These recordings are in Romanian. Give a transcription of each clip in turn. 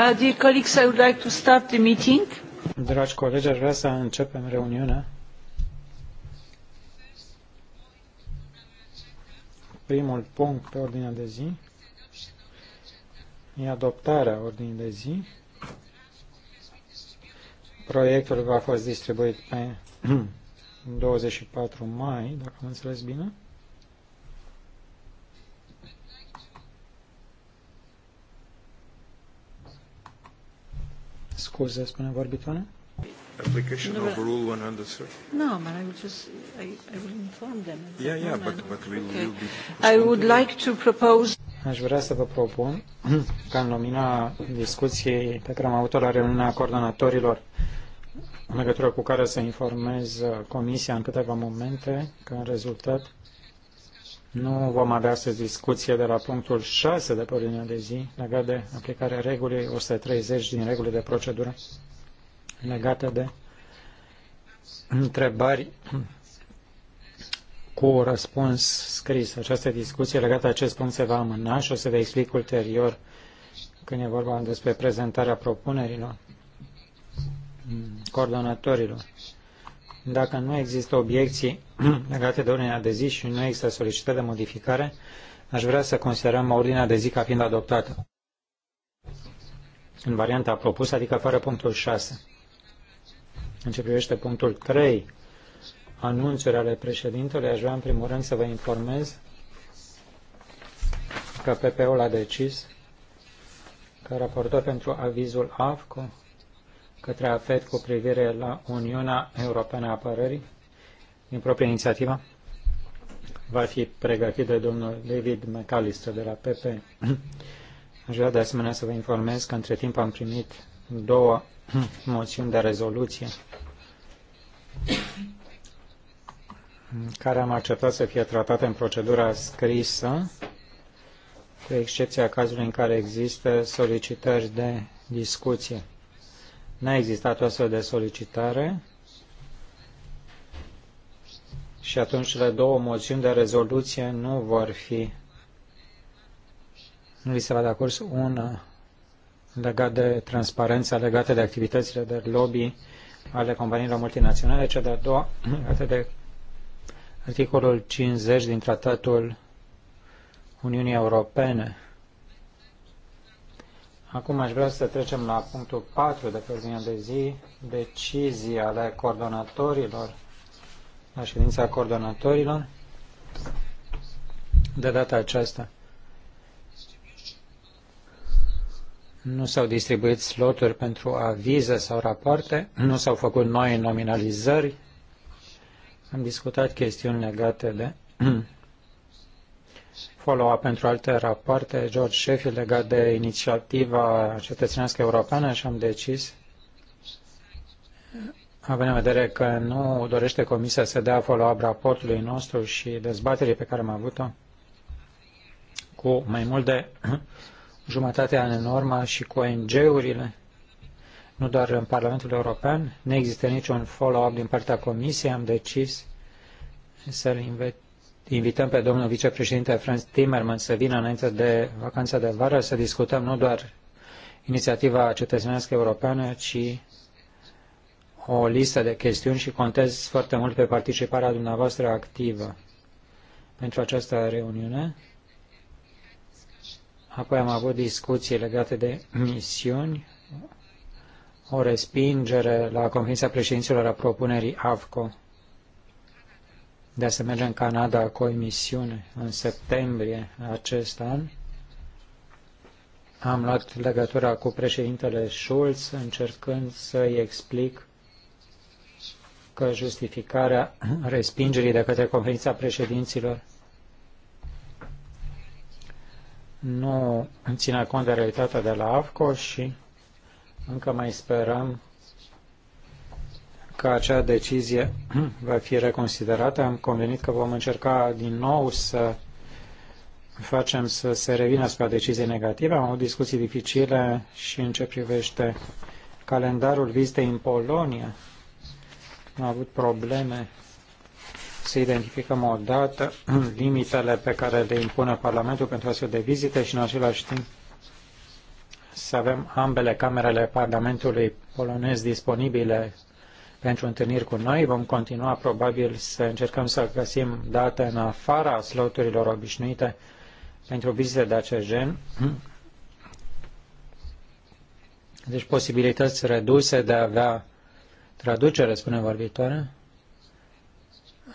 Uh, dear colleagues, I would like to start the meeting. Dragi colegi, aș vrea să începem reuniunea. Primul punct pe ordinea de zi e adoptarea ordinii de zi. Proiectul va fi fost distribuit pe 24 mai, dacă am înțeles bine. scuze, spune vorbitoare. Application of Rule 103. No, but I will just, I, I will inform them. Yeah, yeah, but, but we okay. will be... I would like to propose... Aș vrea să vă propun ca în lumina discuției pe care am avut-o la reuniunea coordonatorilor în legătură cu care să informez Comisia în câteva momente, că în rezultat nu vom avea să discuție de la punctul 6 de pe ordinea de zi legat de aplicarea regulii 130 din regulile de procedură legate de întrebări cu răspuns scris. Această discuție legată de acest punct se va amâna și o să vă explic ulterior când e vorba despre prezentarea propunerilor coordonatorilor. Dacă nu există obiecții legate de ordinea de zi și nu există solicitări de modificare, aș vrea să considerăm ordinea de zi ca fiind adoptată. În varianta propusă, adică fără punctul 6. În ce privește punctul 3, anunțuri ale președintelui, aș vrea în primul rând să vă informez că ppo ul a decis că raportor pentru avizul AFCO către AFET cu privire la Uniunea Europeană a Apărării, din propria inițiativă, va fi pregătit de domnul David McAllister de la PP. Aș vrea de asemenea să vă informez că între timp am primit două moțiuni de rezoluție care am acceptat să fie tratate în procedura scrisă, cu excepția cazului în care există solicitări de discuție. N-a existat o astfel de solicitare și atunci cele două moțiuni de rezoluție nu vor fi nu li se va da curs una legat de transparența, legată de activitățile de lobby ale companiilor multinaționale, cea de-a doua legată de articolul 50 din Tratatul Uniunii Europene Acum aș vrea să trecem la punctul 4 de pe ordinea de zi, decizii ale coordonatorilor, la ședința coordonatorilor. De data aceasta nu s-au distribuit sloturi pentru avize sau rapoarte, nu s-au făcut noi nominalizări, am discutat chestiuni legate de follow-up pentru alte rapoarte, George Sheffield, legat de inițiativa cetățenească europeană și am decis, având în vedere că nu dorește Comisia să dea follow-up raportului nostru și dezbaterii pe care am avut-o, cu mai mult de jumătate an în urmă și cu ONG-urile, nu doar în Parlamentul European, nu există niciun follow-up din partea Comisiei, am decis să-l invit invităm pe domnul vicepreședinte Franz Timmermans să vină înainte de vacanța de vară să discutăm nu doar inițiativa cetățenească europeană, ci o listă de chestiuni și contez foarte mult pe participarea dumneavoastră activă pentru această reuniune. Apoi am avut discuții legate de misiuni, o respingere la conferința președinților a propunerii AVCO de a se merge în Canada cu o emisiune în septembrie acest an. Am luat legătura cu președintele Schulz încercând să-i explic că justificarea respingerii de către conferința președinților nu ține cont de realitatea de la AFCO și încă mai sperăm că acea decizie va fi reconsiderată. Am convenit că vom încerca din nou să facem să se revină asupra deciziei negative. Am avut discuții dificile și în ce privește calendarul vizitei în Polonia. Am avut probleme să identificăm o dată limitele pe care le impune Parlamentul pentru astfel de vizite și în același timp să avem ambele camerele Parlamentului polonez disponibile pentru întâlniri cu noi. Vom continua probabil să încercăm să găsim date în afara sloturilor obișnuite pentru vizite de acest gen. Deci posibilități reduse de a avea traducere, spune vorbitoare.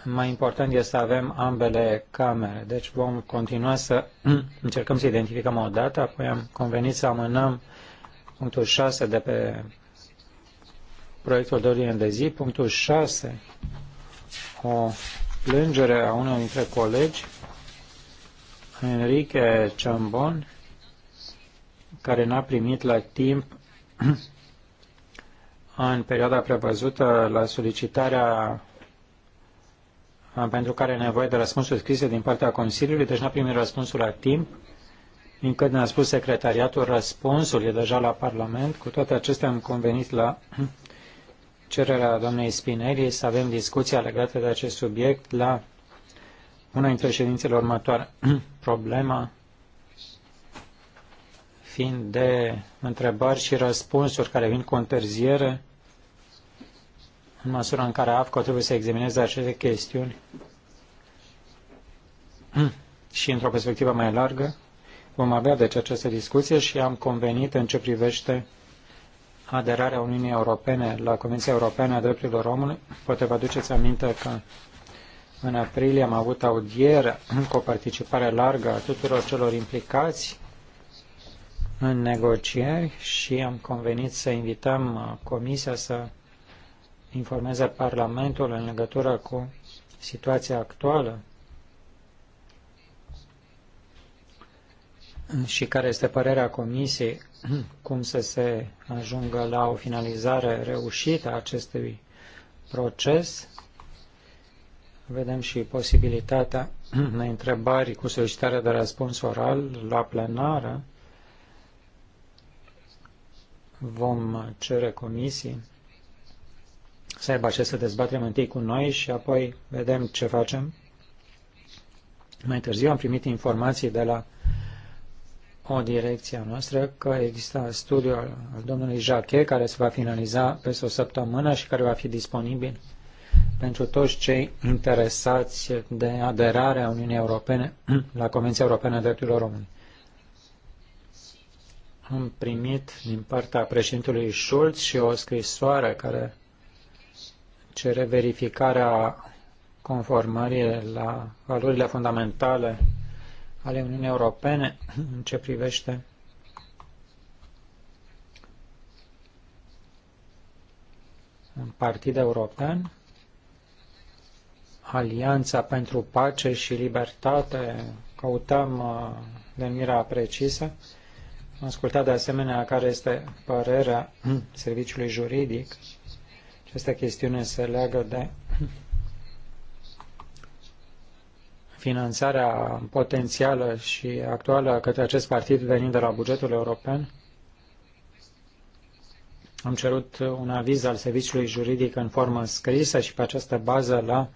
Mai important este să avem ambele camere. Deci vom continua să încercăm să identificăm o dată, apoi am convenit să amânăm punctul 6 de pe proiectul de ordine de zi. Punctul 6, o plângere a unui dintre colegi, Enrique Ciambon, care n-a primit la timp în perioada prevăzută la solicitarea pentru care are nevoie de răspunsuri scrise din partea Consiliului, deci n-a primit răspunsul la timp, încât ne-a spus secretariatul, răspunsul e deja la Parlament. Cu toate acestea am convenit la cererea doamnei Spinelli să avem discuția legată de acest subiect la una dintre ședințele următoare. Problema fiind de întrebări și răspunsuri care vin cu întârziere, în măsura în care AFCO trebuie să examineze aceste chestiuni și într-o perspectivă mai largă, vom avea deci această discuție și am convenit în ce privește aderarea Uniunii Europene la Comisia Europeană a Drepturilor Omului. Poate vă aduceți aminte că în aprilie am avut audiere cu o participare largă a tuturor celor implicați în negocieri și am convenit să invităm Comisia să informeze Parlamentul în legătură cu situația actuală și care este părerea Comisiei cum să se ajungă la o finalizare reușită a acestui proces. Vedem și posibilitatea de întrebări cu solicitare de răspuns oral la plenară. Vom cere Comisiei să aibă să dezbatem întâi cu noi și apoi vedem ce facem. Mai târziu am primit informații de la o direcție a noastră, că există studiul al domnului Jacquet care se va finaliza peste o săptămână și care va fi disponibil pentru toți cei interesați de aderarea Uniunii Europene la Convenția Europeană a Drepturilor Omului. Am primit din partea președintelui Schulz și o scrisoare care cere verificarea conformării la valorile fundamentale ale Uniunii Europene în ce privește un partid european, Alianța pentru Pace și Libertate, căutăm uh, denumirea precisă. Am ascultat de asemenea care este părerea serviciului juridic. Aceste chestiune se leagă de finanțarea potențială și actuală către acest partid venind de la bugetul european. Am cerut un aviz al serviciului juridic în formă scrisă și pe această bază la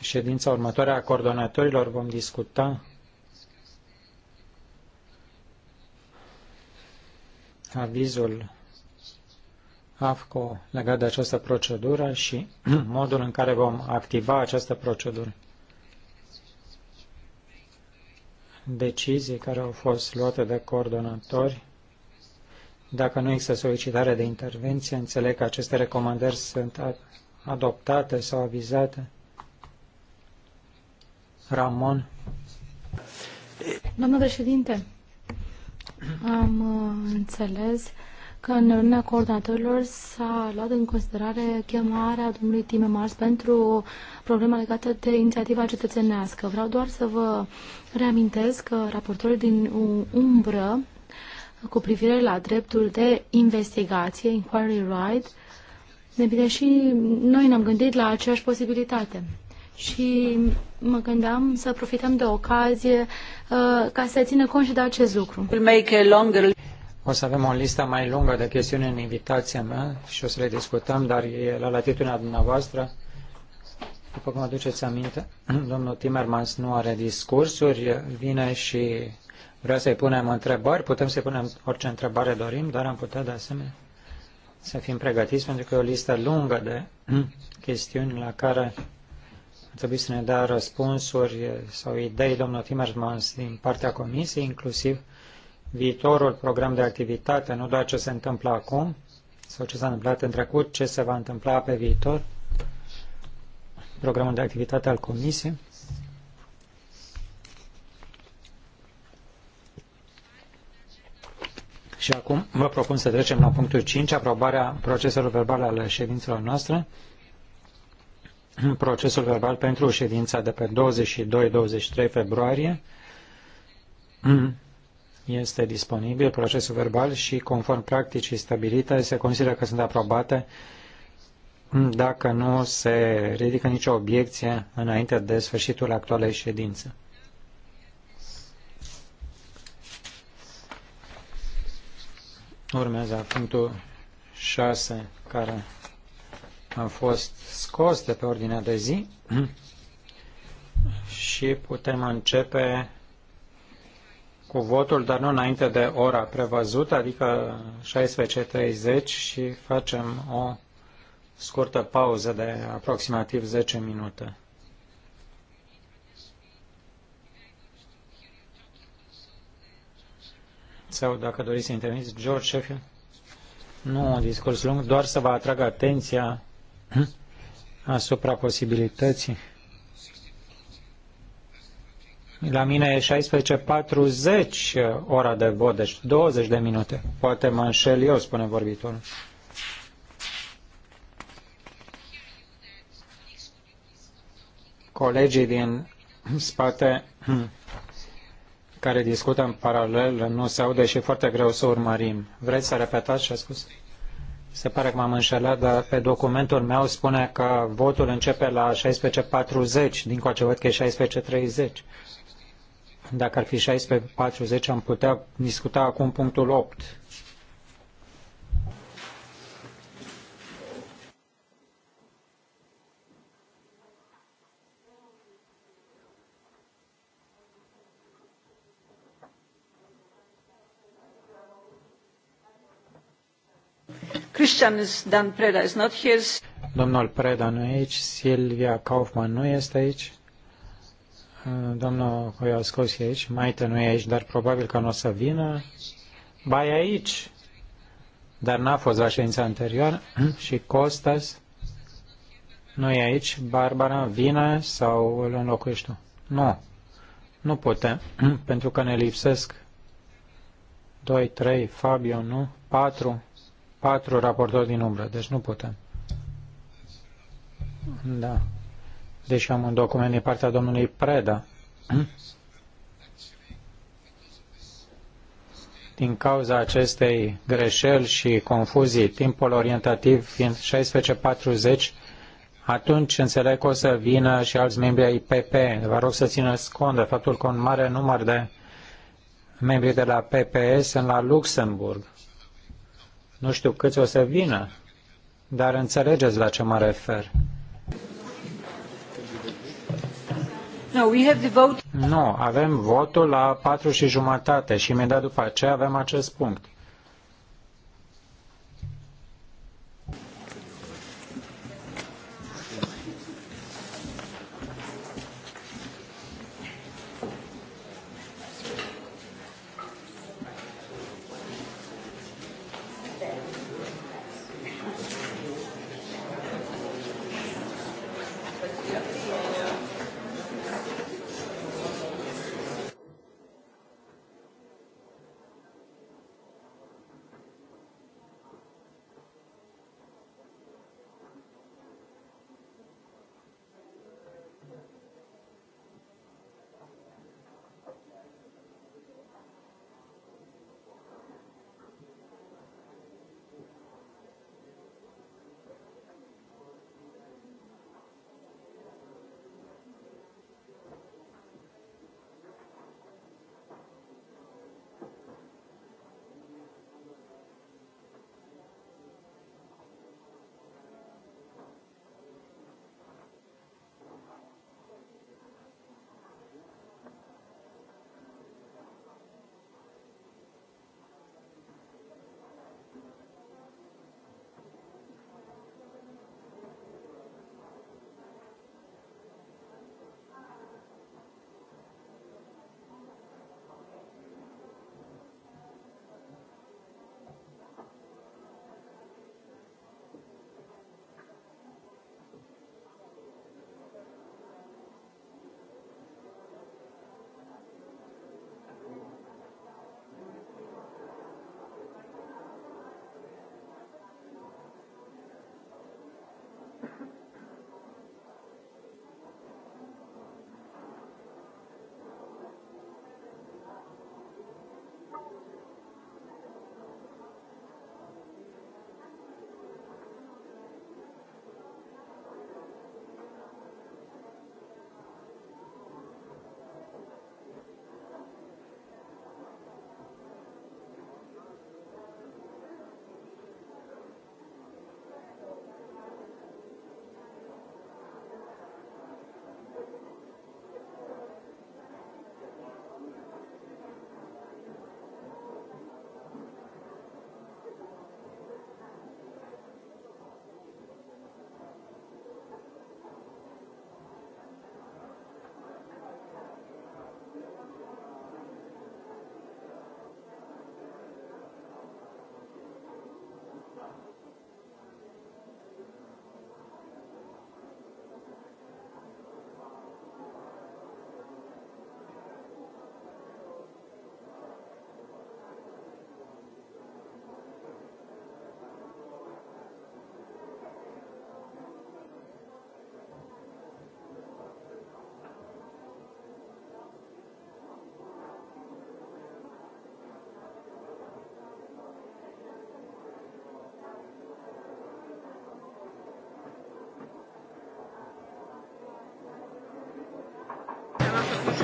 ședința următoare a coordonatorilor vom discuta avizul AFCO legat de această procedură și modul în care vom activa această procedură. decizii care au fost luate de coordonatori. Dacă nu există solicitare de intervenție, înțeleg că aceste recomandări sunt adoptate sau avizate. Ramon. Domnul președinte, am uh, înțeles că în reuniunea coordonatorilor s-a luat în considerare chemarea domnului Timemars pentru problema legată de inițiativa cetățenească. Vreau doar să vă reamintesc că raportorul din umbră cu privire la dreptul de investigație, inquiry right, ne bine și noi ne-am gândit la aceeași posibilitate și mă gândeam să profităm de ocazie uh, ca să țină cont și de acest lucru. O să avem o listă mai lungă de chestiuni în invitația mea și o să le discutăm, dar e la latitudinea dumneavoastră. După cum aduceți aminte, domnul Timmermans nu are discursuri, vine și vrea să-i punem întrebări. Putem să-i punem orice întrebare dorim, dar am putea de asemenea să fim pregătiți pentru că e o listă lungă de chestiuni la care ar trebui să ne dea răspunsuri sau idei domnul Timmermans din partea comisiei, inclusiv viitorul program de activitate, nu doar ce se întâmplă acum sau ce s-a întâmplat în trecut, ce se va întâmpla pe viitor, programul de activitate al Comisiei. Și acum vă propun să trecem la punctul 5, aprobarea proceselor verbale ale ședințelor noastre. Procesul verbal pentru ședința de pe 22-23 februarie este disponibil procesul verbal și, conform practicii stabilite, se consideră că sunt aprobate dacă nu se ridică nicio obiecție înainte de sfârșitul actualei ședințe. Urmează punctul 6, care a fost scos de pe ordinea de zi și putem începe cu votul, dar nu înainte de ora prevăzută, adică 16.30 și facem o scurtă pauză de aproximativ 10 minute. Sau dacă doriți să interveniți, George Sheffield. Nu un discurs lung, doar să vă atrag atenția asupra posibilității la mine e 16.40 uh, ora de vot, deci 20 de minute. Poate mă înșel eu, spune vorbitorul. Colegii din spate hmm, care discută în paralel nu se aude și e foarte greu să urmărim. Vreți să repetați ce a spus? Se pare că m-am înșelat, dar pe documentul meu spune că votul începe la 16.40, din coace văd că e 16.30. Dacă ar fi 16.40, am putea discuta acum punctul 8. Christian Dan Preda is not here. Domnul Preda nu e aici, Silvia Kaufman nu este aici. Domnul Hoiascos e aici, Maite nu e aici, dar probabil că nu o să vină. Ba e aici, dar n-a fost la ședința anterioară și Costas nu e aici. Barbara, vine sau îl înlocuiești tu? Nu, nu putem, pentru că ne lipsesc 2, 3, Fabio, nu, 4, 4 raportori din umbră, deci nu putem. Da deși am un document din partea domnului Preda. Din cauza acestei greșeli și confuzii, timpul orientativ fiind 16.40, atunci înțeleg că o să vină și alți membri ai PP. Vă rog să țineți cont de faptul că un mare număr de membri de la PPS sunt la Luxemburg. Nu știu câți o să vină, dar înțelegeți la ce mă refer. No, Nu, avem votul la patru și jumătate și imediat după aceea avem acest punct.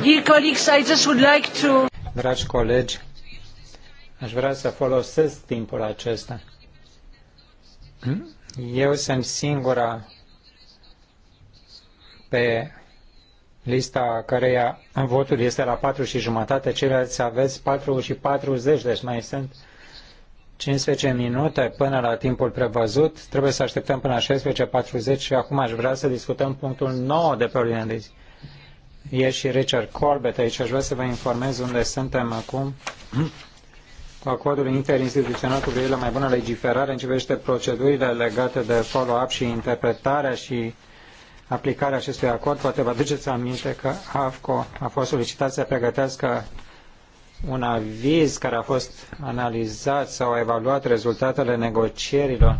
Dear colleagues, I just would like to... Dragi colegi, aș vrea să folosesc timpul acesta. Hmm? Eu sunt singura pe lista căreia votul este la 4 și jumătate, ceilalți aveți 4 și 40, deci mai sunt 15 minute până la timpul prevăzut. Trebuie să așteptăm până la 16.40 și acum aș vrea să discutăm punctul 9 de pe ordine de zi. E și Richard Corbett aici. Aș vrea să vă informez unde suntem acum cu acordul interinstituțional cu privire la mai bună legiferare începește procedurile legate de follow-up și interpretarea și aplicarea acestui acord. Poate vă aduceți aminte că AFCO a fost solicitat să pregătească un aviz care a fost analizat sau evaluat rezultatele negocierilor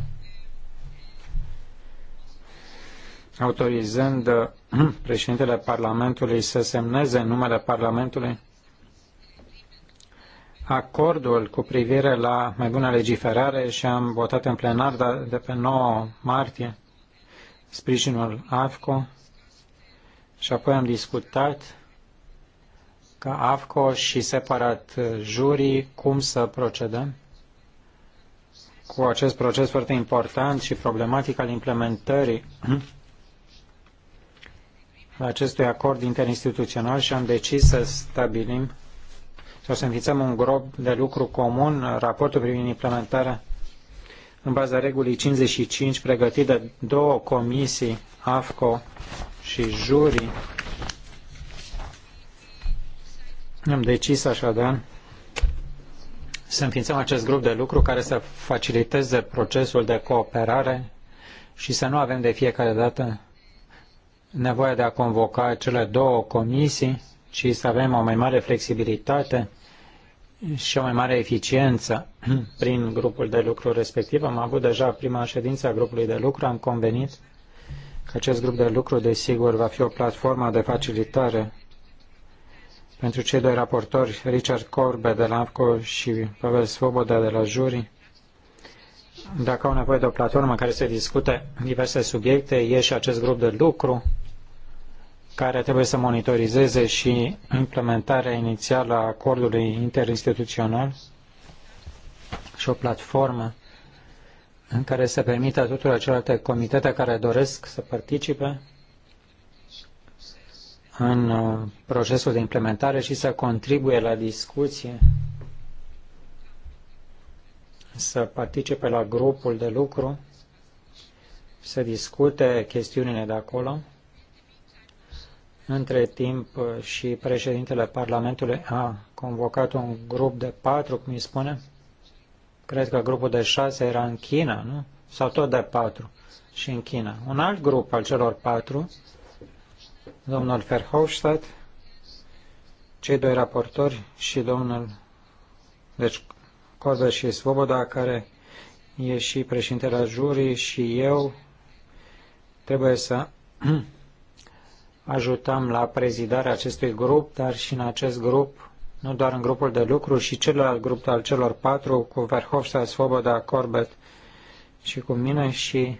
autorizând uh, președintele Parlamentului să semneze în numele Parlamentului acordul cu privire la mai bună legiferare și am votat în plenar de pe 9 martie sprijinul AFCO și apoi am discutat ca AFCO și separat uh, jurii cum să procedăm cu acest proces foarte important și problematic al implementării acestui acord interinstituțional și am decis să stabilim sau să înființăm un grup de lucru comun, raportul privind implementarea în baza regulii 55, pregătit de două comisii, AFCO și juri. Am decis așadar să înființăm acest grup de lucru care să faciliteze procesul de cooperare și să nu avem de fiecare dată nevoia de a convoca cele două comisii, ci să avem o mai mare flexibilitate și o mai mare eficiență prin grupul de lucru respectiv. Am avut deja prima ședință a grupului de lucru, am convenit că acest grup de lucru, desigur, va fi o platformă de facilitare pentru cei doi raportori, Richard Corbe de la AFCO și Pavel Svoboda de la Juri, dacă au nevoie de o platformă în care se discute diverse subiecte, e și acest grup de lucru care trebuie să monitorizeze și implementarea inițială a acordului interinstituțional și o platformă în care se permită tuturor celelalte comitete care doresc să participe în uh, procesul de implementare și să contribuie la discuție să participe la grupul de lucru, să discute chestiunile de acolo. Între timp și președintele Parlamentului a convocat un grup de patru, cum îi spune. Cred că grupul de șase era în China, nu? Sau tot de patru și în China. Un alt grup al celor patru, domnul Verhofstadt, cei doi raportori și domnul, deci Coza și Svoboda, care e și președintele jurii și eu, trebuie să ajutăm la prezidarea acestui grup, dar și în acest grup, nu doar în grupul de lucru, și celălalt grup al celor patru, cu Verhofstadt, Svoboda, Corbett și cu mine și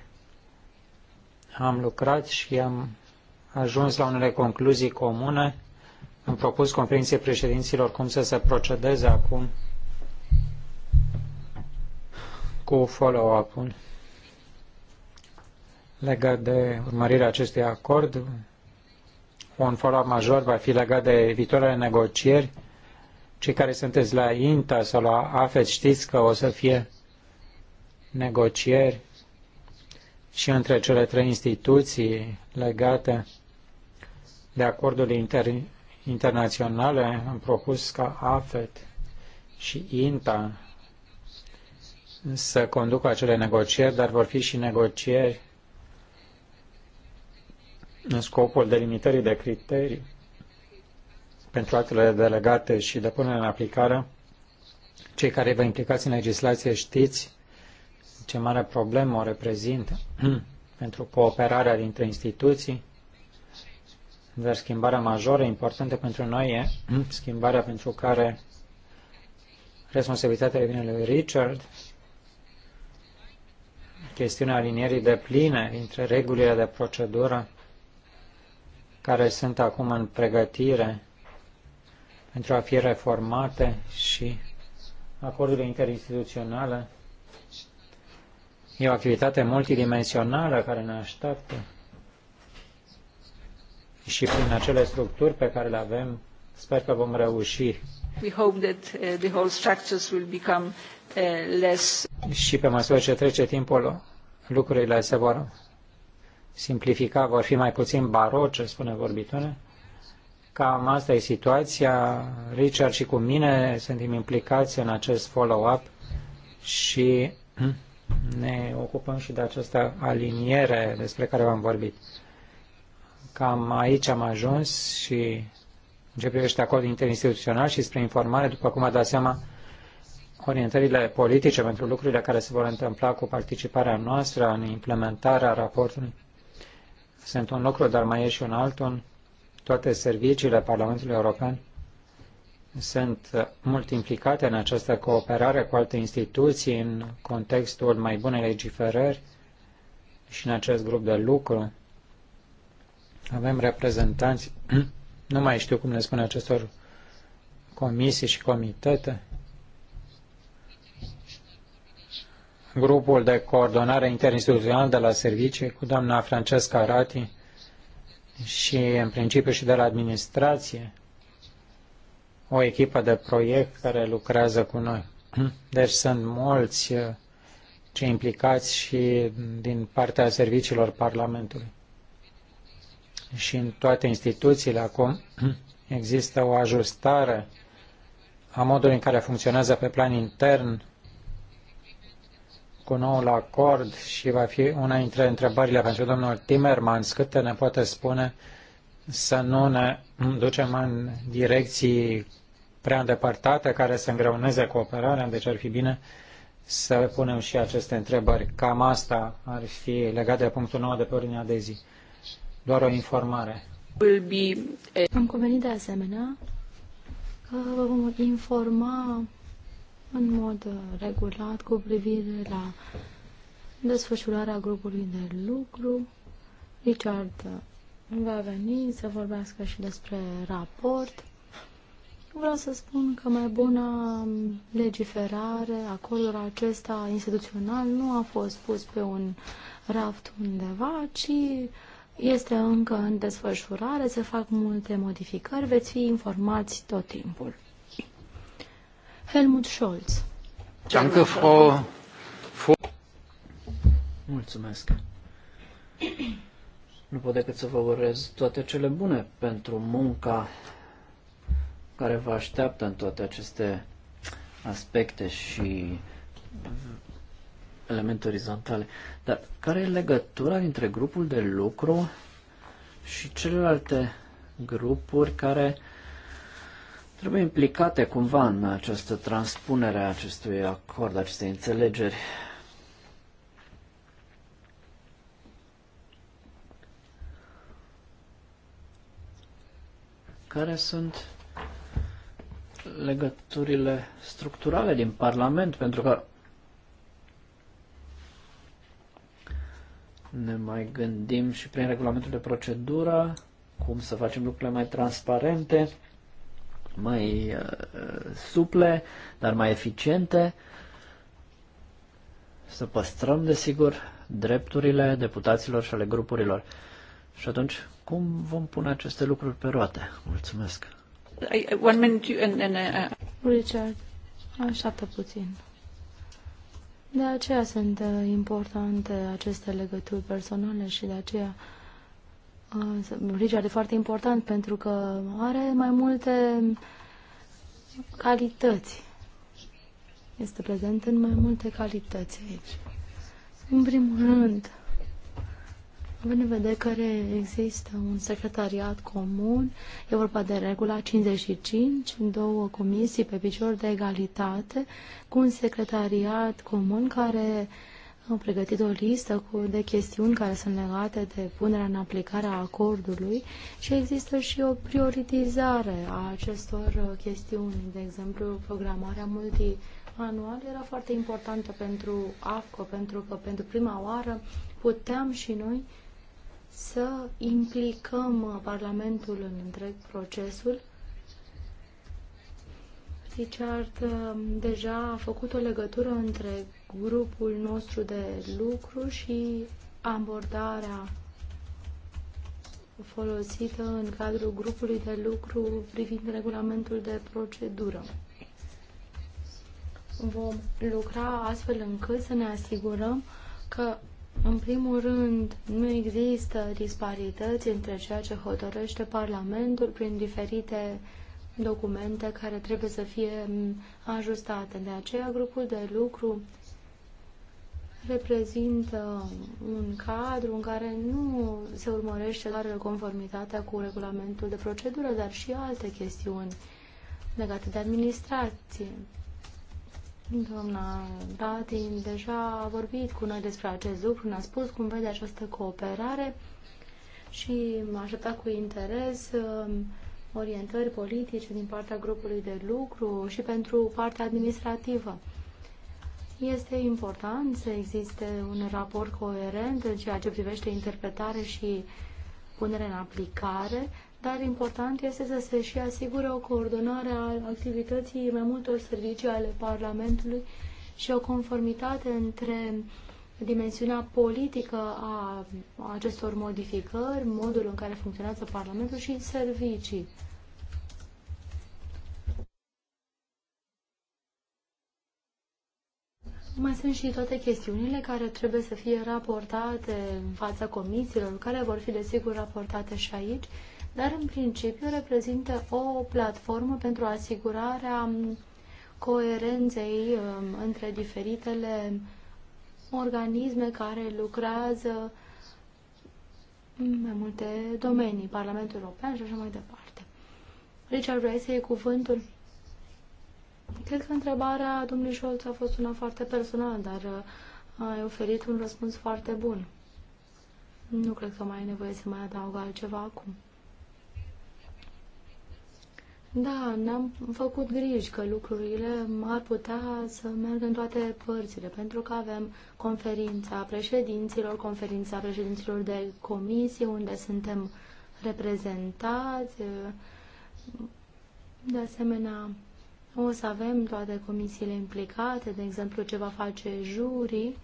am lucrat și am ajuns la unele concluzii comune. Am propus conferinței președinților cum să se procedeze acum cu follow-up-ul legat de urmărirea acestui acord. Un follow-up major va fi legat de viitoarele negocieri. Cei care sunteți la INTA sau la AFET știți că o să fie negocieri și între cele trei instituții legate de acordurile inter- internaționale. Am propus ca AFET și INTA să conducă acele negocieri, dar vor fi și negocieri în scopul delimitării de criterii pentru actele delegate și de punere în aplicare. Cei care vă implicați în legislație știți ce mare problemă o reprezintă pentru cooperarea dintre instituții, dar schimbarea majoră importantă pentru noi e schimbarea pentru care responsabilitatea vine lui Richard chestiunea alinierii de pline între regulile de procedură care sunt acum în pregătire pentru a fi reformate și acordurile interinstituționale. E o activitate multidimensională care ne așteaptă și prin acele structuri pe care le avem, sper că vom reuși. We hope that uh, the whole structures will become Eh, și pe măsură ce trece timpul, lucrurile se vor simplifica, vor fi mai puțin baroce, spune vorbitoare. Cam asta e situația. Richard și cu mine suntem implicați în acest follow-up și ne ocupăm și de această aliniere despre care v-am vorbit. Cam aici am ajuns și în ce privește acordul interinstituțional și spre informare, după cum a dat seama, orientările politice pentru lucrurile care se vor întâmpla cu participarea noastră în implementarea raportului sunt un lucru, dar mai e și un altul. Toate serviciile Parlamentului European sunt mult implicate în această cooperare cu alte instituții în contextul mai bunei legiferări și în acest grup de lucru. Avem reprezentanți, nu mai știu cum le spun acestor comisii și comitete, grupul de coordonare interinstituțional de la servicii cu doamna Francesca Rati și în principiu și de la administrație o echipă de proiect care lucrează cu noi. Deci sunt mulți uh, cei implicați și din partea serviciilor Parlamentului. Și în toate instituțiile acum există o ajustare a modului în care funcționează pe plan intern cu noul acord și va fi una dintre întrebările pentru domnul Timmermans, câte ne poate spune să nu ne ducem în direcții prea îndepărtate care să îngreuneze cooperarea, deci ar fi bine să punem și aceste întrebări. Cam asta ar fi legat de punctul 9 de pe ordinea de zi. Doar o informare. Am convenit de asemenea că vă vom informa în mod uh, regulat cu privire la desfășurarea grupului de lucru. Richard uh, va veni să vorbească și despre raport. Vreau să spun că mai bună legiferare, acordul acesta instituțional nu a fost pus pe un raft undeva, ci este încă în desfășurare, se fac multe modificări, veți fi informați tot timpul. Helmut Scholz. Danke, Frau Mulțumesc. Nu pot decât să vă urez toate cele bune pentru munca care vă așteaptă în toate aceste aspecte și elemente orizontale. Dar care e legătura dintre grupul de lucru și celelalte grupuri care trebuie implicate cumva în această transpunere a acestui acord, acestei înțelegeri. Care sunt legăturile structurale din Parlament? Pentru că ne mai gândim și prin regulamentul de procedură cum să facem lucrurile mai transparente mai uh, suple, dar mai eficiente, să păstrăm, desigur, drepturile deputaților și ale grupurilor. Și atunci, cum vom pune aceste lucruri pe roate? Mulțumesc. One minute and, uh, uh. Richard, așteaptă puțin. De aceea sunt importante aceste legături personale și de aceea Richard e foarte important pentru că are mai multe calități. Este prezent în mai multe calități aici. În primul rând, având în vedere că există un secretariat comun, e vorba de regula 55, două comisii pe picior de egalitate, cu un secretariat comun care uh, am pregătit o listă cu, de chestiuni care sunt legate de punerea în aplicare a acordului și există și o prioritizare a acestor uh, chestiuni. De exemplu, programarea multianual era foarte importantă pentru AFCO, pentru că pentru prima oară puteam și noi să implicăm uh, Parlamentul în întreg procesul Richard uh, deja a făcut o legătură între grupul nostru de lucru și abordarea folosită în cadrul grupului de lucru privind regulamentul de procedură. Vom lucra astfel încât să ne asigurăm că, în primul rând, nu există disparități între ceea ce hotărăște Parlamentul prin diferite documente care trebuie să fie ajustate. De aceea, grupul de lucru reprezintă un cadru în care nu se urmărește doar conformitatea cu regulamentul de procedură, dar și alte chestiuni legate de administrație. Doamna Batin deja a vorbit cu noi despre acest lucru, ne-a spus cum vede această cooperare și m-a așteptat cu interes um, orientări politice din partea grupului de lucru și pentru partea administrativă. Este important să existe un raport coerent în ceea ce privește interpretare și punere în aplicare, dar important este să se și asigure o coordonare a activității mai multor servicii ale Parlamentului și o conformitate între dimensiunea politică a acestor modificări, modul în care funcționează Parlamentul și servicii. Mai sunt și toate chestiunile care trebuie să fie raportate în fața comisiilor, care vor fi desigur raportate și aici, dar în principiu reprezintă o platformă pentru asigurarea coerenței um, între diferitele organisme care lucrează în mai multe domenii, Parlamentul European și așa mai departe. Richard, vrei să iei cuvântul? Cred că întrebarea domnului Scholz a fost una foarte personală, dar uh, ai oferit un răspuns foarte bun. Nu cred că mai e nevoie să mai adaug altceva acum. Da, ne-am făcut griji că lucrurile ar putea să meargă în toate părțile, pentru că avem conferința președinților, conferința președinților de comisie, unde suntem reprezentați, de asemenea o să avem toate comisiile implicate, de exemplu ce va face jurii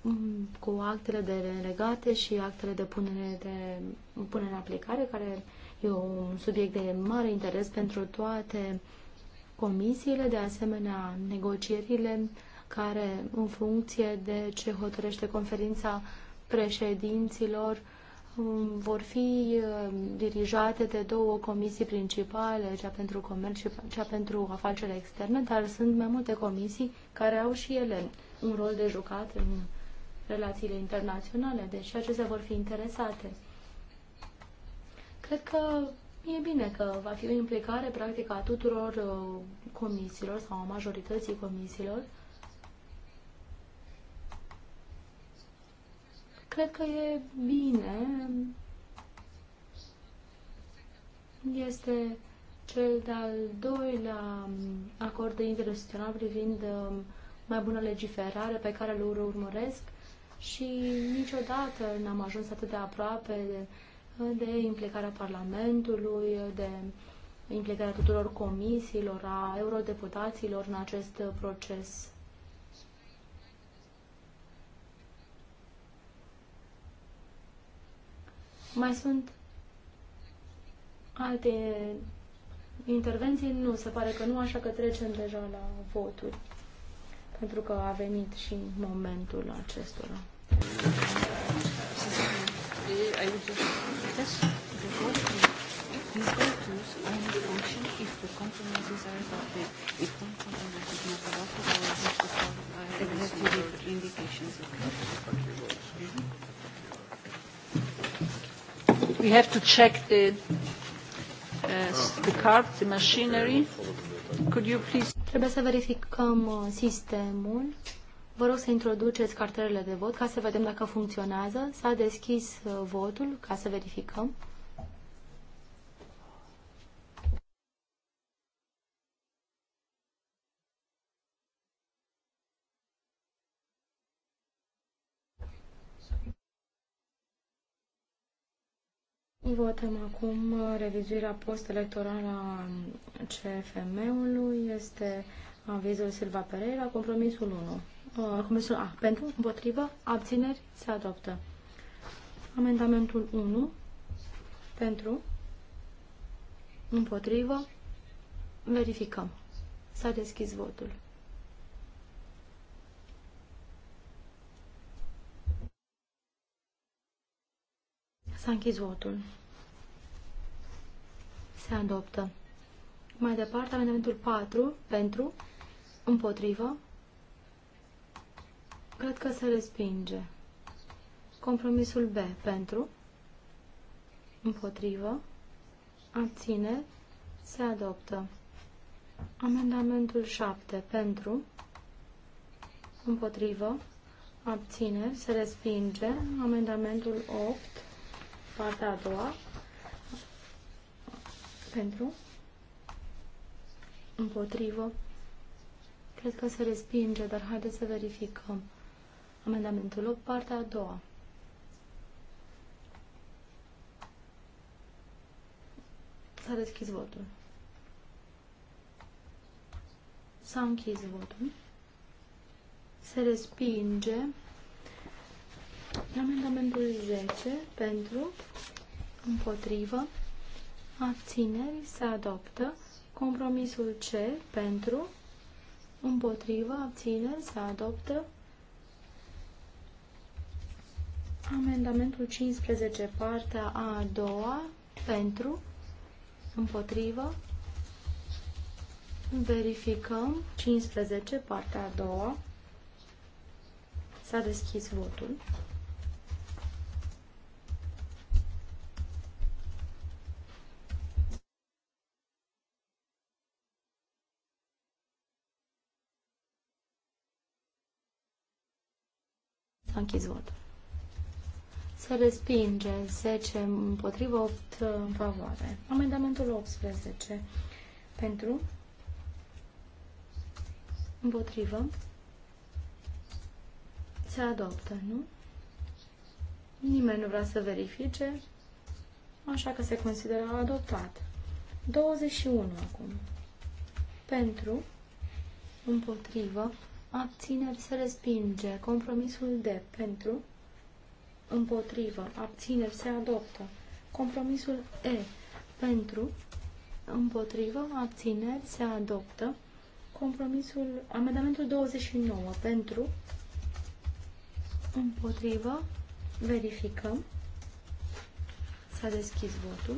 mm, cu actele de legate și actele de punere, de punere în aplicare, care e un subiect de mare interes pentru toate comisiile, de asemenea negocierile care, în funcție de ce hotărăște conferința președinților, vor fi uh, dirijate de două comisii principale, cea pentru comerț și cea pentru afacerile externe, dar sunt mai multe comisii care au și ele un rol de jucat în relațiile internaționale, deci acestea vor fi interesate. Cred că e bine că va fi o implicare practică a tuturor uh, comisiilor sau a majorității comisiilor cred că e bine. Este cel de-al doilea acord de interinstituțional privind um, mai bună legiferare pe care îl urmăresc și niciodată n-am ajuns atât de aproape de, de implicarea Parlamentului, de implicarea tuturor comisiilor, a eurodeputaților în acest proces. Mai sunt alte intervenții? Nu, se pare că nu, așa că trecem deja la voturi. Pentru că a venit și momentul acestora we have to check the, uh, ah. the card, the machinery. Could you please... Trebuie să verificăm uh, sistemul. Vă rog să introduceți cartelele de vot ca să vedem dacă funcționează. S-a deschis uh, votul ca să verificăm. Votăm acum uh, revizuirea post-electorală a um, CFM-ului. Este uh, avizul Silva Pereira, compromisul 1. Uh, compromisul A. Pentru, împotrivă, abțineri, se adoptă. Amendamentul 1. Pentru, împotrivă, verificăm. S-a deschis votul. S-a închis votul. Se adoptă. Mai departe, amendamentul 4 pentru, împotrivă, cred că se respinge. Compromisul B pentru, împotrivă, abține, se adoptă. Amendamentul 7 pentru, împotrivă, abține, se respinge. Amendamentul 8 partea a doua pentru împotrivă cred că se respinge dar haideți să verificăm amendamentul 8 partea a doua s-a deschis votul s-a închis votul se respinge Amendamentul 10 pentru, împotrivă, abțineri se adoptă. Compromisul C pentru, împotrivă, abțineri se adoptă. Amendamentul 15, partea a doua, pentru, împotrivă, verificăm 15, partea a doua, s-a deschis votul. S-a închis votul. Se respinge 10 împotrivă, 8 uh, în favoare. Amendamentul 18 pentru împotrivă se adoptă, nu? Nimeni nu vrea să verifice, așa că se consideră adoptat. 21 acum. Pentru, împotrivă, abțineri se respinge. Compromisul D pentru, împotrivă, abțineri se adoptă. Compromisul E pentru, împotrivă, abțineri se adoptă. Compromisul, amendamentul 29 pentru, împotrivă, verificăm. S-a deschis votul.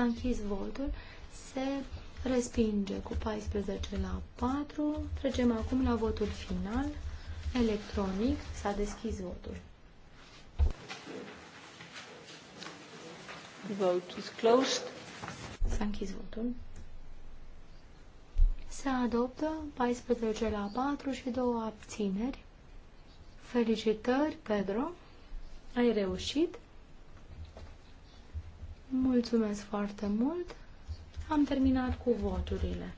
S-a închis votul. Se respinge cu 14 la 4. Trecem acum la votul final. Electronic. S-a deschis votul. vote is closed. S-a închis votul. Se adoptă 14 la 4 și două abțineri. Felicitări, Pedro. Ai reușit. Mulțumesc foarte mult. Am terminat cu voturile.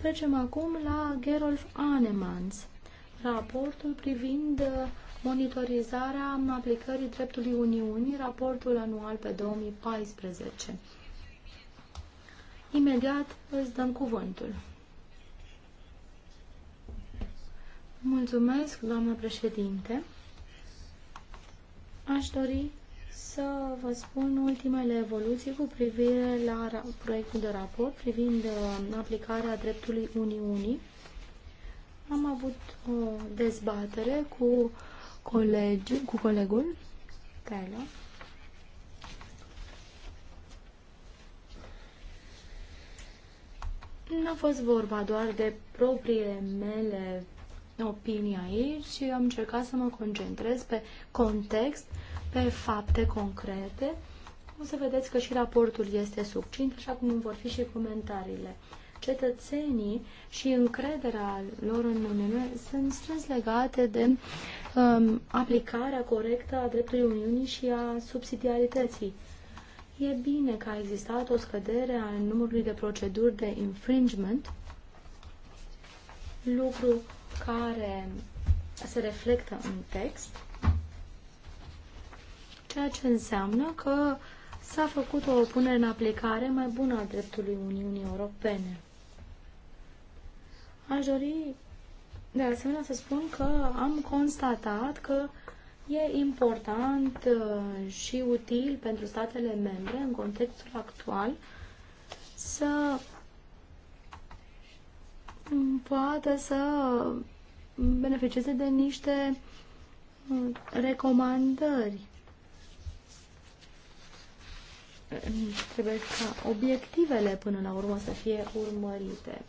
Trecem acum la Gerolf Anemans, raportul privind uh, monitorizarea aplicării dreptului Uniunii, raportul anual pe 2014. Imediat îți dăm cuvântul. Mulțumesc, doamnă președinte. Aș dori să vă spun ultimele evoluții cu privire la proiectul de raport privind uh, aplicarea dreptului Uniunii. Am avut o dezbatere cu, colegi, cu colegul Tela. Nu a fost vorba doar de propriile mele opinii aici și am încercat să mă concentrez pe context pe fapte concrete. O să vedeți că și raportul este succint, așa cum vor fi și comentariile. Cetățenii și încrederea lor în Uniune sunt strâns legate de um, aplicarea corectă a dreptului Uniunii și a subsidiarității. E bine că a existat o scădere a numărului de proceduri de infringement, lucru care se reflectă în text ceea ce înseamnă că s-a făcut o punere în aplicare mai bună a dreptului Uniunii Europene. Aș dori de asemenea să spun că am constatat că e important uh, și util pentru statele membre în contextul actual să poată să beneficieze de niște uh, recomandări trebuie ca obiectivele până la urmă să fie urmărite.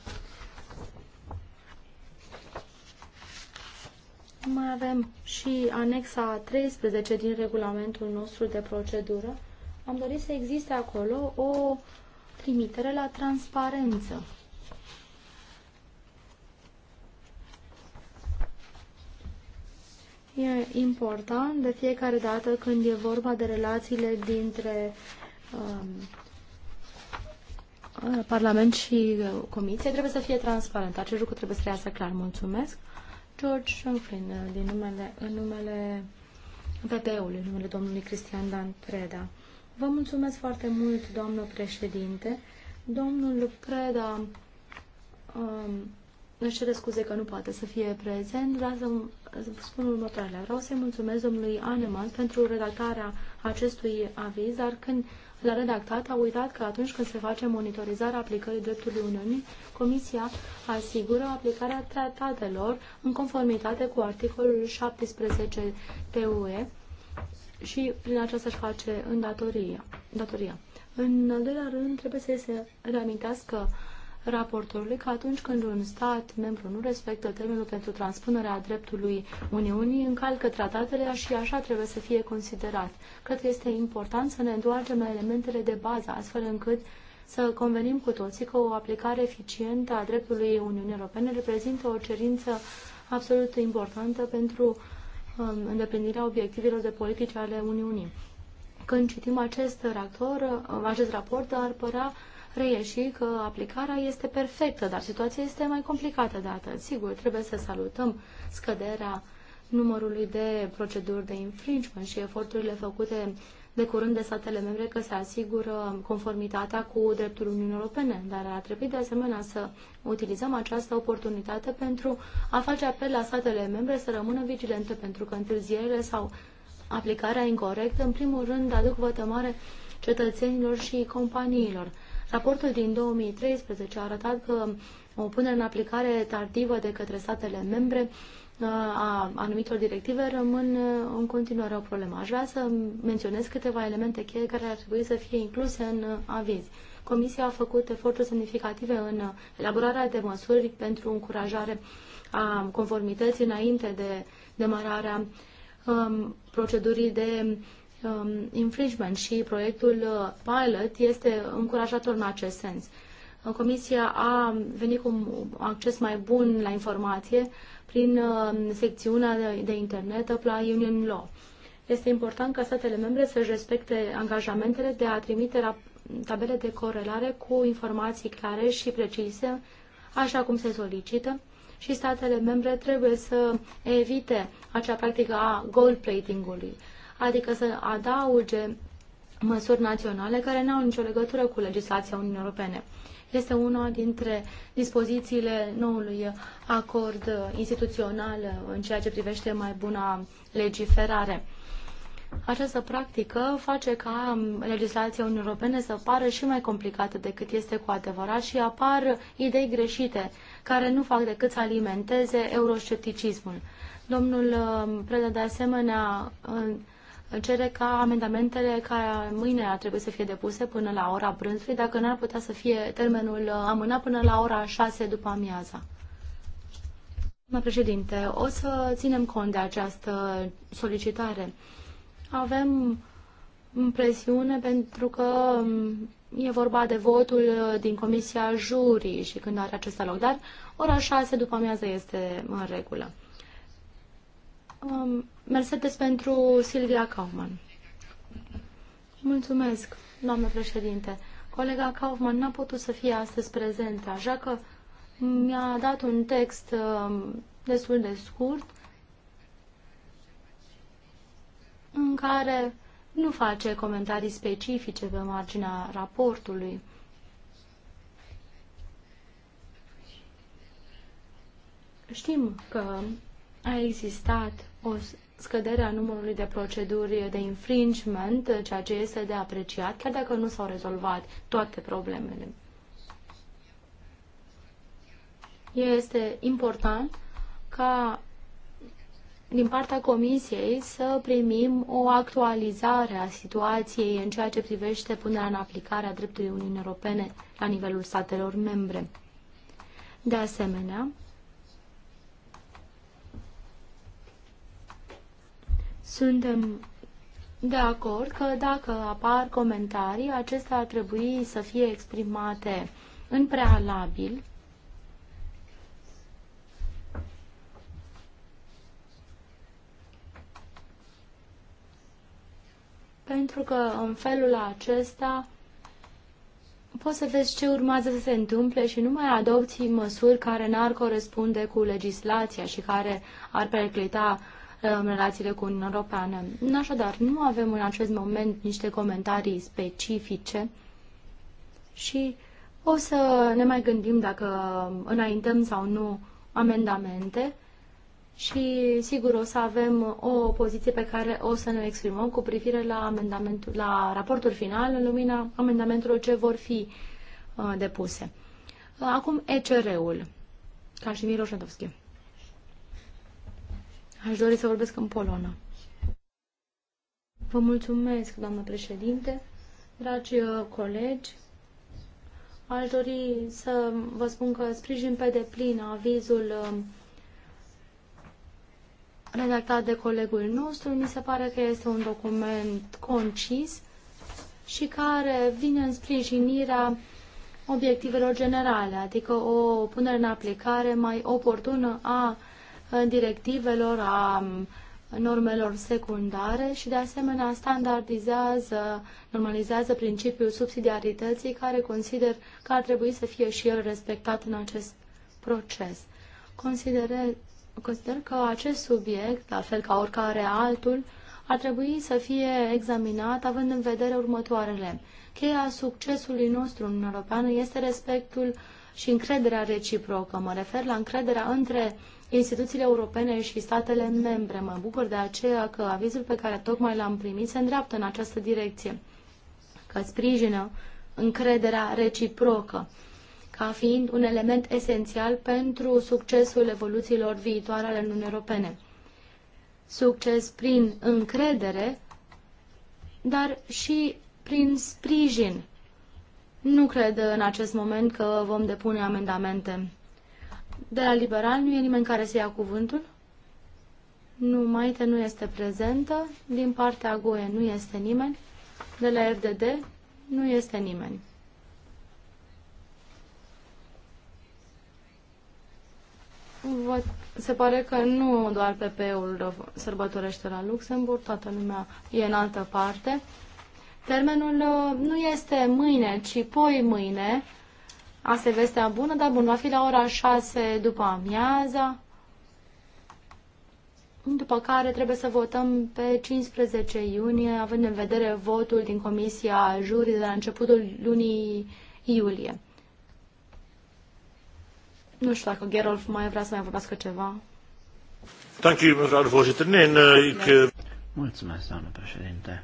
Mai avem și anexa 13 din regulamentul nostru de procedură. Am dorit să existe acolo o trimitere la transparență. E important de fiecare dată când e vorba de relațiile dintre Um, Parlament și uh, Comisie trebuie să fie transparent. Acest lucru trebuie să iasă clar. Mulțumesc. George Schoenflin, uh, din numele, în numele PP-ului, în numele domnului Cristian Dan Preda. Vă mulțumesc foarte mult, doamnă președinte. Domnul Preda um, își cere scuze că nu poate să fie prezent. Vreau să spun următoarele. Vreau să-i mulțumesc domnului Aneman pentru redactarea acestui aviz, dar când uh, la redactat, a uitat că atunci când se face monitorizarea aplicării dreptului Uniunii, Comisia asigură aplicarea tratatelor în conformitate cu articolul 17 TUE și prin aceasta își face îndatoria. În al doilea rând, trebuie să se reamintească raportorului că atunci când un stat membru nu respectă termenul pentru transpunerea dreptului Uniunii, încalcă tratatele și așa trebuie să fie considerat. Cred că este important să ne întoarcem la elementele de bază, astfel încât să convenim cu toții că o aplicare eficientă a dreptului Uniunii Europene reprezintă o cerință absolut importantă pentru um, îndeplinirea obiectivelor de politici ale Uniunii. Când citim acest, reactor, uh, acest raport, ar părea reieși că aplicarea este perfectă, dar situația este mai complicată de atât. Sigur, trebuie să salutăm scăderea numărului de proceduri de infringement și eforturile făcute de curând de statele membre că se asigură conformitatea cu dreptul Uniunii Europene, dar ar trebui de asemenea să utilizăm această oportunitate pentru a face apel la statele membre să rămână vigilente, pentru că întârzierile sau aplicarea incorrectă, în primul rând, aduc vătămare cetățenilor și companiilor. Raportul din 2013 a arătat că o punere în aplicare tardivă de către statele membre uh, a anumitor directive rămân uh, în continuare o problemă. Aș vrea să menționez câteva elemente cheie care ar trebui să fie incluse în uh, aviz. Comisia a făcut eforturi semnificative în elaborarea de măsuri pentru încurajare a conformității înainte de demararea um, procedurii de um, infringement și proiectul uh, pilot este încurajator în acest sens. Uh, comisia a venit cu acces mai bun la informație prin uh, secțiunea de, de internet la Union Law. Este important ca statele membre să-și respecte angajamentele de a trimite tabele de corelare cu informații clare și precise, așa cum se solicită, și statele membre trebuie să evite acea practică a gold plating-ului adică să adauge măsuri naționale care n-au nicio legătură cu legislația Uniunii Europene. Este una dintre dispozițiile noului acord instituțional în ceea ce privește mai buna legiferare. Această practică face ca legislația Uniunii Europene să pară și mai complicată decât este cu adevărat și apar idei greșite care nu fac decât să alimenteze euroscepticismul. Domnul uh, Preda de asemenea cere ca amendamentele care mâine ar trebui să fie depuse până la ora prânzului, dacă n-ar putea să fie termenul uh, amânat până la ora 6 după amiaza. Domnul președinte, o să ținem cont de această solicitare. Avem presiune pentru că um, e vorba de votul uh, din Comisia Jurii și când are acesta loc, dar ora 6 după amiază este în regulă. Um, Mercedes pentru Silvia Kaufman. Mulțumesc, doamnă președinte. Colega Kaufman n-a putut să fie astăzi prezentă, așa că mi-a dat un text um, destul de scurt în care nu face comentarii specifice pe marginea raportului. Știm că a existat o scădere a numărului de proceduri de infringement, ceea ce este de apreciat, chiar dacă nu s-au rezolvat toate problemele. Este important ca din partea Comisiei să primim o actualizare a situației în ceea ce privește punerea în aplicare a dreptului Uniunii Europene la nivelul statelor membre. De asemenea, Suntem de acord că dacă apar comentarii, acestea ar trebui să fie exprimate în prealabil pentru că în felul acesta poți să vezi ce urmează să se întâmple și nu mai adopți măsuri care n-ar corespunde cu legislația și care ar periclita Um, relațiile cu Uniunea Europeană. Așadar, nu avem în acest moment niște comentarii specifice și o să ne mai gândim dacă înaintăm sau nu amendamente și sigur o să avem o poziție pe care o să ne exprimăm cu privire la, amendamentul, la raportul final în lumina amendamentelor ce vor fi uh, depuse. Acum ECR-ul, și Oșentovski. Aș dori să vorbesc în polonă. Vă mulțumesc, doamnă președinte, dragi uh, colegi. Aș dori să vă spun că sprijin pe deplin avizul um, redactat de colegul nostru. Mi se pare că este un document concis și care vine în sprijinirea obiectivelor generale, adică o punere în aplicare mai oportună a directivelor, a normelor secundare și, de asemenea, standardizează, normalizează principiul subsidiarității, care consider că ar trebui să fie și el respectat în acest proces. Considere, consider că acest subiect, la fel ca oricare altul, ar trebui să fie examinat având în vedere următoarele. Cheia succesului nostru în Europeană este respectul și încrederea reciprocă. Mă refer la încrederea între instituțiile europene și statele membre. Mă bucur de aceea că avizul pe care tocmai l-am primit se îndreaptă în această direcție, că sprijină încrederea reciprocă ca fiind un element esențial pentru succesul evoluțiilor viitoare ale Uniunii Europene. Succes prin încredere, dar și prin sprijin. Nu cred în acest moment că vom depune amendamente de la liberal nu e nimeni care să ia cuvântul? Nu, Maite nu este prezentă. Din partea GUE nu este nimeni. De la RDD nu este nimeni. Văd se pare că nu doar PP-ul sărbătorește la Luxemburg, toată lumea e în altă parte. Termenul uh, nu este mâine, ci poi mâine, Asta e vestea bună, dar bun, va fi la ora 6 după amiaza, după care trebuie să votăm pe 15 iunie, având în vedere votul din Comisia Juri de la începutul lunii iulie. Nu știu dacă Gerolf mai vrea să mai vorbească ceva. Thank you, uh, uh, Mulțumesc, doamnă președinte.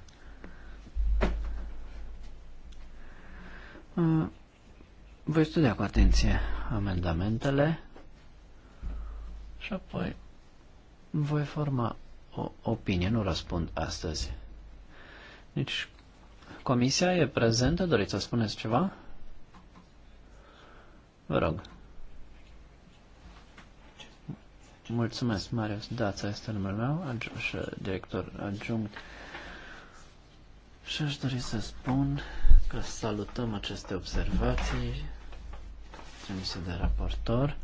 Uh, voi studia cu atenție amendamentele și apoi voi forma o opinie, nu răspund astăzi. Deci, comisia e prezentă, doriți să spuneți ceva? Vă rog. Mulțumesc, Marius Dața este numele meu, director adjunct. Și aș dori să spun că salutăm aceste observații Comisie de raportor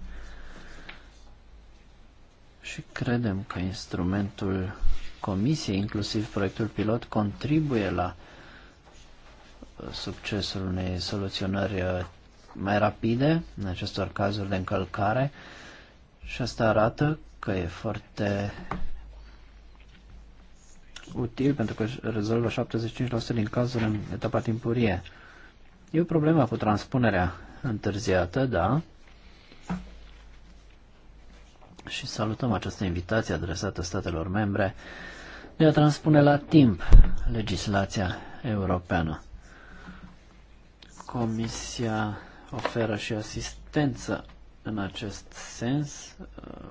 și credem că instrumentul comisiei, inclusiv proiectul pilot, contribuie la uh, succesul unei soluționări uh, mai rapide în acestor cazuri de încălcare și asta arată că e foarte util pentru că rezolvă 75% din cazuri în etapa timpurie. E o problemă cu transpunerea întârziată, da. Și salutăm această invitație adresată statelor membre de a transpune la timp legislația europeană. Comisia oferă și asistență în acest sens,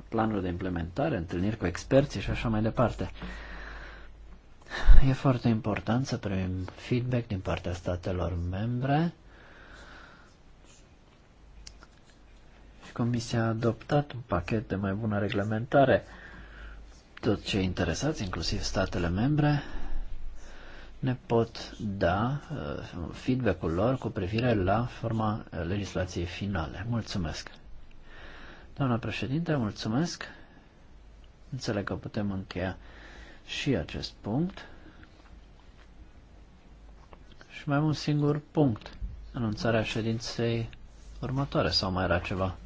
planuri de implementare, întâlniri cu experții și așa mai departe. E foarte important să primim feedback din partea statelor membre Comisia a adoptat un pachet de mai bună reglementare. Tot cei interesați, inclusiv statele membre, ne pot da uh, feedback-ul lor cu privire la forma legislației finale. Mulțumesc! Doamna președinte, mulțumesc! Înțeleg că putem încheia și acest punct. Și mai un singur punct. Anunțarea ședinței următoare sau mai era ceva?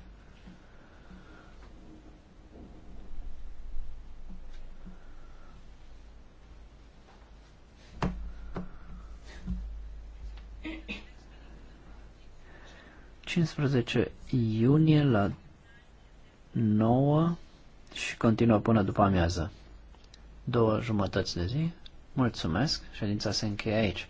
15 iunie la 9 și continuă până după amiază. Două jumătăți de zi. Mulțumesc. Ședința se încheie aici.